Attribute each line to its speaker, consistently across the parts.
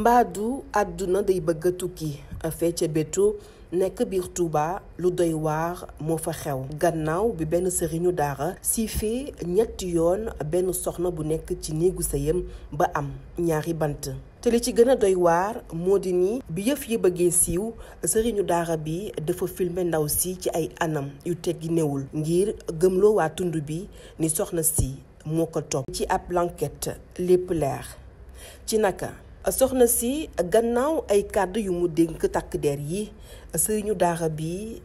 Speaker 1: mbaadu àdduna day bëgg tukki fee ca Béthio nekk biir Touba lu doy waar moo fa xew gannaaw bi benn sëriñu daara si fee yoon benn soxna bu nekk ci néegu sëyam ba am ñaari bant te li ci gën a doy waar moo di ni bi yëf yi bëggee siiw sëriñu daara bi dafa filme ndaw si ci ay anam yu teggi newul ngir gëmloo waa tund bi ni soxna si moo ko topp ci ab enquête lépp leer ci naka soxna si gannaaw ay kàddu yu mu dénk takk der yi sëriñu daara bi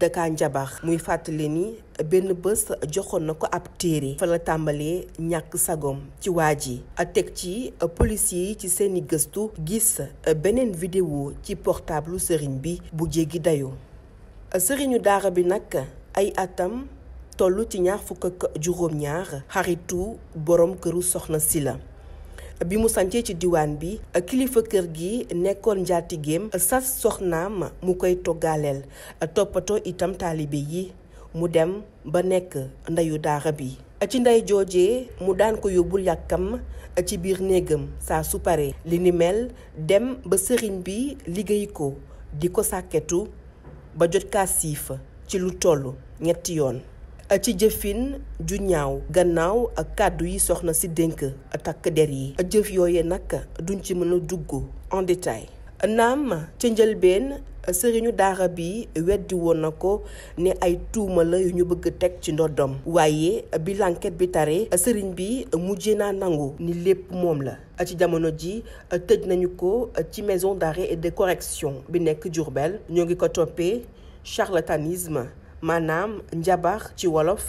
Speaker 1: daka njabar muy fàttali ni benn bés joxoon na ko ab téere fala tàmbalee ñàkk sagom ci waa ji a teg ci policiers yi ci seeni gëstu gis beneen vidéo ci portable sëriñ bi bu jéggi dayoo sëriñu daara bi nag ay atam toll ci ñaar fukk ak xaritu borom këru soxna si la bi mu sancee ci diwaan bi ak kilifa kër gi nekkoon njaatigeem sas soxnaam mu koy toggaaleel toppatoo itam taalibe yi mu dem ba nekk ndeyu daara bi ci ndey joojee mu daan ko yóbbul yàkkam ci biir néegam saa su paree li ni mel dem ba sëriñ bi liggéey ko di ko sàkketu ba jot kaa siif ci lu toll ñetti yoon ci jëfin ju ñaaw gannaaw ak kàddu yi soxna si dénk takk der yi jëf yooye nag duñ ci mën a dugg en détail naam ci njëlbeen sëriñu daara bi weddi woon na ko ni ay tuuma yu ñu bëgg teg ci ndoddom waaye bi l'enquête bi tare sëriñ bi mujjee naa nangu ni lépp moom la ci jamono ji tëj nañu ko ci maison d'arrêt et de correction bi nekk Diourbel ñoo ngi ko toppee charlatanisme maanaam njabar ci wolof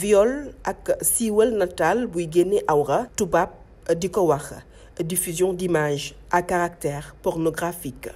Speaker 1: viol ak siiwal nataal buy génne awra tubaab di ko wax diffusion d'images à caractère pornographique